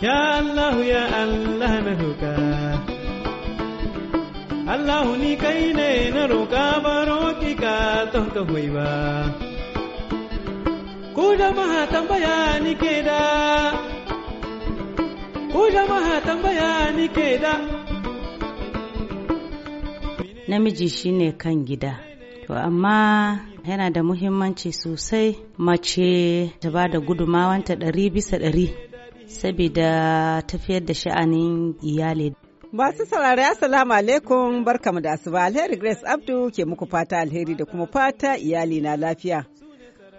Ya Allah ya Allah na roƙa Allah ni kai ne na roƙa baro ki ka ton ka hoyi ba Ku jama'a tambaya ni ke da Ku jama'a tambaya ni ke da Namiji shine kan gida to amma yana da muhimmanci sosai mace ta ba da gudumawanta ɗari bisa ɗari saboda tafiyar da sha'anin iyali. Masu saurari Assalamu alaikum barkamu da asuba alheri Grace Abdu ke muku fata alheri da kuma fata iyali na lafiya.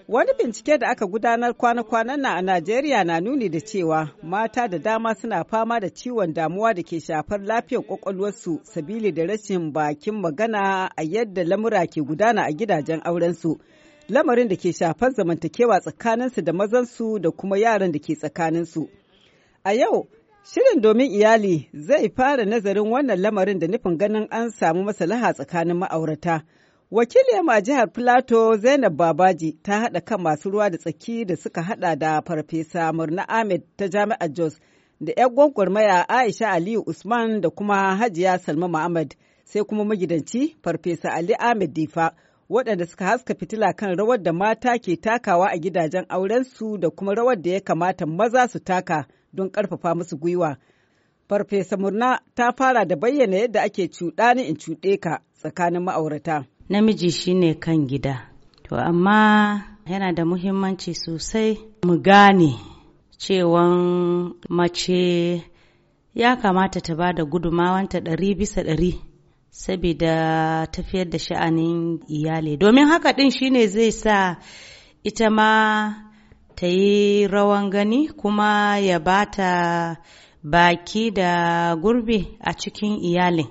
Wani bincike da aka gudanar kwana-kwanan na a Najeriya na nuni da cewa mata da dama suna fama da ciwon damuwa da ke shafar lafiyar kwakwalwarsu sabili da rashin bakin magana a yadda lamura ke gudana a gidajen aurensu. lamarin da ke shafar zamantakewa tsakaninsu da mazansu da kuma yaran da ke tsakaninsu. A yau, shirin domin iyali zai fara nazarin wannan lamarin da nufin ganin an samu masalaha tsakanin ma'aurata. Wakiliyar a jihar Filato Zainab Babaji ta haɗa kan masu ruwa da tsaki da suka haɗa da Farfesa Murna Ahmed ta Jami'ar Jos da 'yan gwagwarmaya Aisha Aliyu Usman da kuma Hajiya Salma Muhammad sai kuma magidanci Farfesa Ali Ahmed Difa. waɗanda suka haska fitila kan rawar da mata ke takawa a gidajen aurensu da kuma rawar da ya kamata maza su taka don ƙarfafa musu gwiwa. Farfesa Murna ta fara da bayyana yadda ake cuɗani in cuɗe ka tsakanin ma'aurata. Namiji shine kan gida, to amma yana da muhimmanci sosai mu gane cewan mace ya kamata ta ba da gudumawanta ɗari bisa ɗari sabida tafiyar da sha'anin iyali domin haka din shine zai sa ita ma ta yi rawan gani kuma ya bata baki da gurbi a cikin iyalin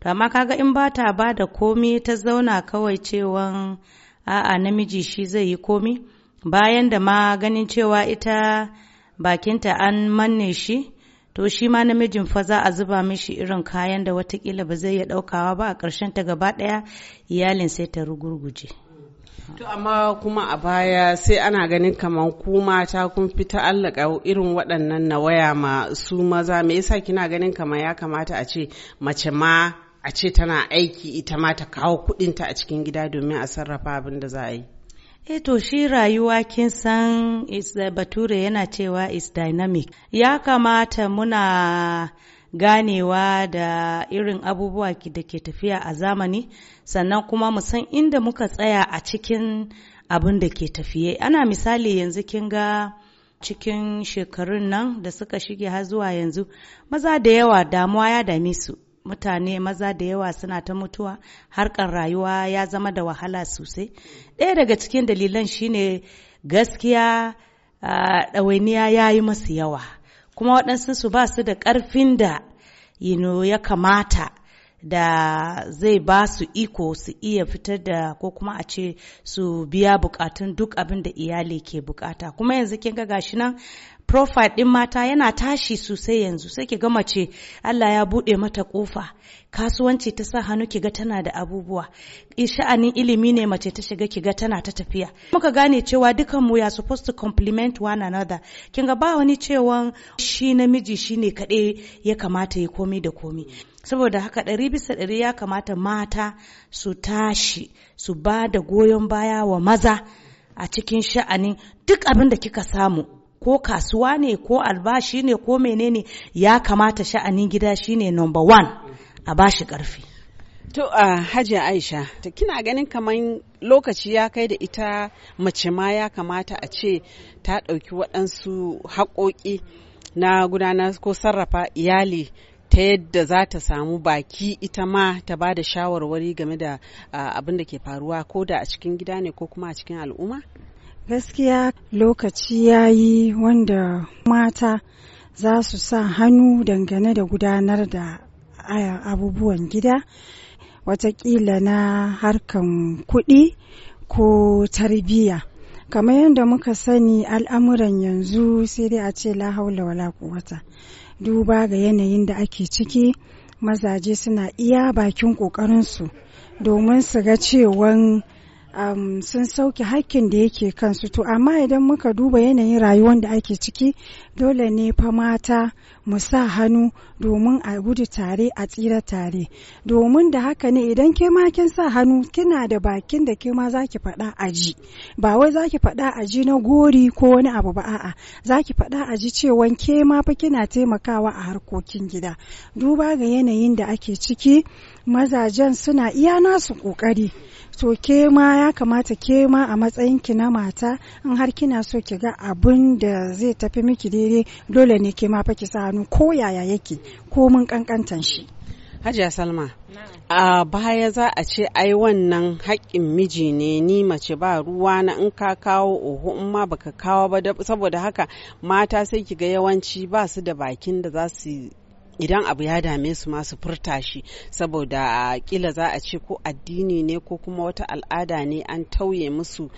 to amma kaga in bata ba da komi ta zauna kawai cewan a'a namiji shi zai yi komi bayan da ma ganin cewa ita bakinta an manne shi to shi ma namijin fa za a zuba mishi irin kayan da watakila ba zai iya daukawa ba a karshen ta gaba ɗaya iyalin sai ta rugurguje to amma kuma a baya sai ana ganin kamar ku mata kun fi ta'allaka irin waɗannan na waya ma su maza me yasa kina ganin kamar ya kamata a ce mace ma a ce tana aiki ita ma ta kawo kuɗinta a cikin gida domin a sarrafa abin da za a yi E to shi rayuwa kin san eh, bature yana cewa is dynamic. Ya kamata muna ganewa da irin abubuwa da ke tafiya a zamani sannan kuma mu san inda muka tsaya a cikin abin da ke tafiye. Ana misali yanzu kin ga cikin shekarun nan da suka shige har zuwa yanzu maza da yawa damuwa ya dame su. mutane maza da yawa suna ta mutuwa harkar rayuwa ya zama da wahala sosai ɗaya daga cikin dalilan shine gaskiya ɗawainiya ya yi masu yawa kuma waɗansu su ba su da ƙarfin da ya kamata da zai ba su iko su iya fitar da ko kuma a ce su biya bukatun duk abin da iyali ke bukata kuma yanzu kin ga gashi nan profile din mata yana tashi sosai yanzu sai ki ga mace Allah ya bude mata kofa kasuwanci ta sa hannu ki ga tana da abubuwa sha'anin ilimi ne mace ta shiga ki ga tana ta tafiya muka gane cewa dukan mu ya supposed to compliment one another kin ga ba wani cewa shi namiji shine kaɗai ya kamata ya komi da komi saboda haka ɗari bisa ɗari ya kamata mata su tashi su ba da goyon baya wa maza a cikin sha'ani duk abin da kika samu ko kasuwa ne ko albashi ne ko menene ya kamata sha'anin gida shine number one a bashi karfi To a Aisha, ta kina ganin kamar lokaci ya kai da ita mace ma ya kamata a ce ta ɗauki waɗansu haƙoƙi na gudanar ko sarrafa iyali ta yadda za ta samu baki ita ma ta ba da shawarwari game da abin da ke faruwa ko da a cikin gida ne ko kuma a cikin al'umma? Gaskiya lokaci ya yi wanda mata za su sa hannu dangane da gudanar da abubuwan gida watakila na harkan kuɗi ko tarbiyya. kamar yadda muka sani al'amuran yanzu sai dai a ce la haula wala quwwata duba ga yanayin da ake ciki mazaje suna iya bakin ƙoƙarinsu domin su ga cewan um, sun sauke hakkin da yake kansu to amma idan muka duba yanayin rayuwar da ake ciki dole ne fa mata mu sa hannu domin a gudu tare a tsira tare domin da haka ne idan ke ma kin sa hannu kina da bakin da ke ma zaki faɗa a ji ba wai zaki faɗa a ji na gori ko wani abu ba a'a zaki faɗa a ji cewa ke ma fa kina taimakawa a harkokin gida duba ga yanayin da ake ciki mazajen suna iya nasu kokari to ke ma ya kamata ke ma a matsayin ki na mata in har kina so ki ga abun da zai tafi miki daidai dole ne ke ma fa ki sa shanu ko yaya yake ko mun kankantan shi Hajiya Salma, a baya za a ce ai wannan haƙƙin miji ne ni mace ba ruwa na in ka kawo oho in ma baka kawo ba saboda haka mata sai ki ga yawanci ba su da bakin da za su idan abu ya dame su masu furta shi saboda kila za a ce ko addini ne ko kuma wata al'ada ne an tauye musu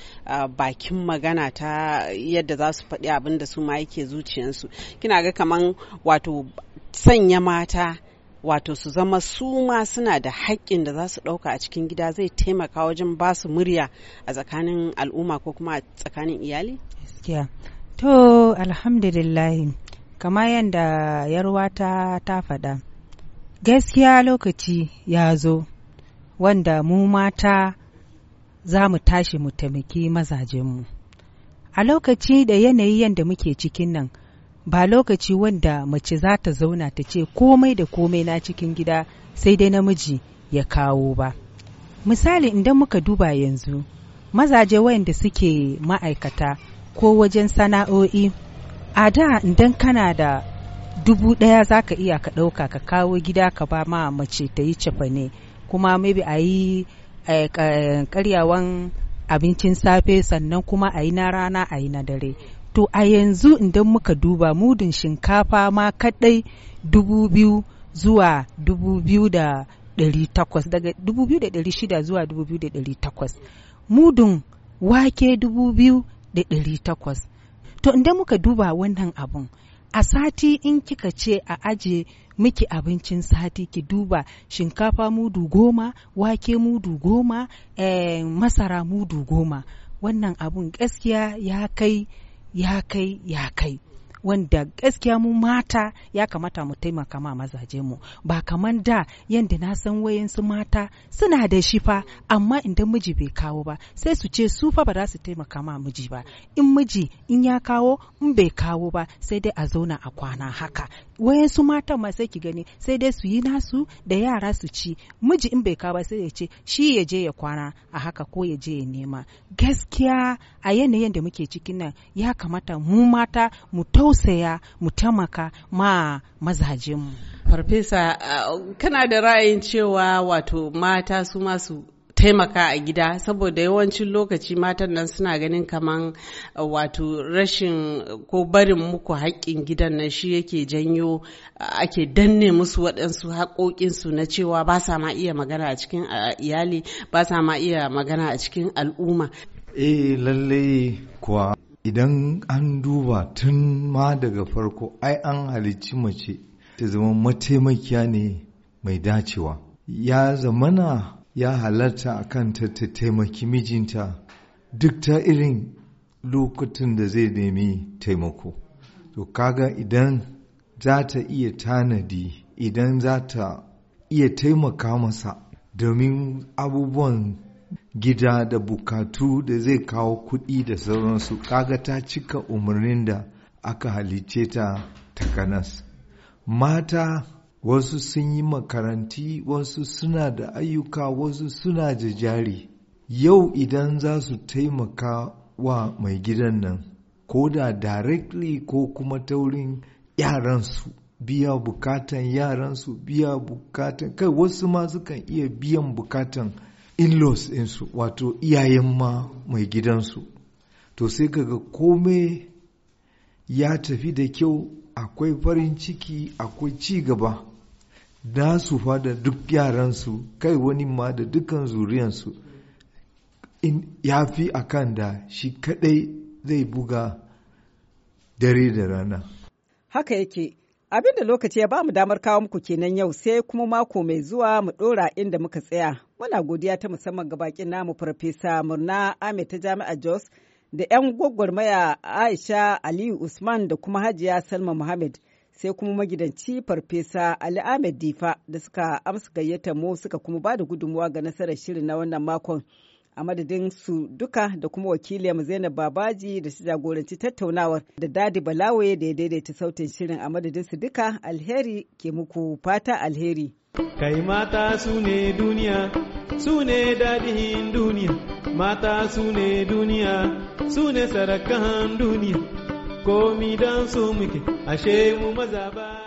bakin magana ta yadda za su faɗi abinda da su ma yake zuciyansu kina ga kaman wato sanya mata wato su zama su ma suna da haƙƙin da za su ɗauka a cikin gida zai taimaka wajen ba su murya a tsakanin al'umma ko kuma a tsakanin iyali? to alhamdulillahi kamar yadda yarwata ta faɗa gaskiya lokaci ya zo wanda mu mata za mu tashi mu taimaki mazajenmu a lokaci da yanayi yadda muke cikin nan ba lokaci wanda mace za ta zauna ta ce komai da komai na cikin gida sai dai namiji ya kawo ba misali idan muka duba yanzu mazaje wayanda suke ma'aikata ko wajen sana'o'i a da idan kana da dubu daya za ka iya ka ɗauka ka kawo gida ka ba ma mace ta yi cefane kuma maybe a yi karyawan abincin safe sannan kuma a yi na rana a yi na dare to a yanzu idan muka duba mudun shinkafa ma kadai dubu biyu zuwa dubu biyu da ɗari takwas daga dubu biyu da ɗari shida zuwa dubu biyu da ɗari takwas mudun wake dubu biyu da ɗari takwas to inda muka duba wannan abun a sati in kika ce a aje miki abincin sati ki duba shinkafa mudu goma wake mudu goma eh, masara mudu goma wannan abun gaskiya ya kai ya kai ya kai wanda gaskiya mu mata ya kamata mu taimaka ma mazaje mu ba kaman da yanda na san su mata suna da shi fa amma idan miji bai kawo ba sai su ce su fa ba za su taimaka ma miji ba in miji in ya kawo in bai kawo ba sai dai a zauna a kwana haka wayansu matan ma sai ki gani sai dai su yi nasu da yara su ci miji in bai kawo sai ya ce shi ya je ya kwana a haka ko ya je ya nema gaskiya a yanayin da muke cikin nan ya kamata mu mata mu tausaya mu taimaka ma mu. farfesa kana da ra'ayin cewa wato mata su masu taimaka a gida saboda yawancin lokaci matan nan suna ganin kaman uh, wato rashin uh, ko barin muku haƙƙin gidan nan shi yake janyo uh, ake danne musu waɗansu haƙoƙinsu na cewa ba sa ma iya magana a cikin iyali ba sa ma iya magana a cikin al'umma. Eh lallai kuwa idan an duba tun ma daga farko ai an halicci mace ta zama mataimakiya ne mai dacewa. Ya zamana ya halarta a kanta ta taimaki mijinta duk ta irin lokacin da zai nemi taimako to kaga idan za ta iya tanadi idan za ta iya taimaka masa domin abubuwan gida da bukatu da zai kawo kuɗi da sauransu kaga ta cika umarnin da aka halice ta takanas mata wasu sun yi makaranti wasu suna da ayyuka wasu suna da jari yau idan za su taimaka wa mai gidan nan ko da directly ko kuma taurin yaransu biya bukatan yaransu biya bukatan kai wasu ma sukan iya biyan bukatan in-laws ɗinsu wato iyayen ma mai gidansu to sai kaga kome ya tafi da kyau akwai farin ciki akwai ci gaba da su fada duk duk yaransu kai wani ma da dukkan zuriyansu ya fi a kan da shi kadai zai buga dare da rana. Haka yake, abinda lokaci ya ba mu damar kawo muku kenan yau sai kuma mako mai zuwa mu ɗora inda muka tsaya. Muna godiya ta musamman ga bakin namu Farfesa Murna Ame ta Jami'ar Jos da 'yan gwagwarmaya Aisha Aliyu Usman da kuma Hajiya Salma Muhammad. sai kuma magidanci farfesa Ali Ahmed Difa da suka amsa gayyata mu suka kuma ba da gudunmuwa ga nasarar shirin na wannan makon. A madadin su duka da kuma mu Zainab Babaji da su jagoranci tattaunawar da Dadi Balawe da ya daidaita sautin shirin a madadin su duka alheri ke muku fata alheri. Kai mata su ne duniya, su ne dadihin duniya, mata su ne duniya, su ne sarakan duniya. komi dan su muke ashe mu maza ba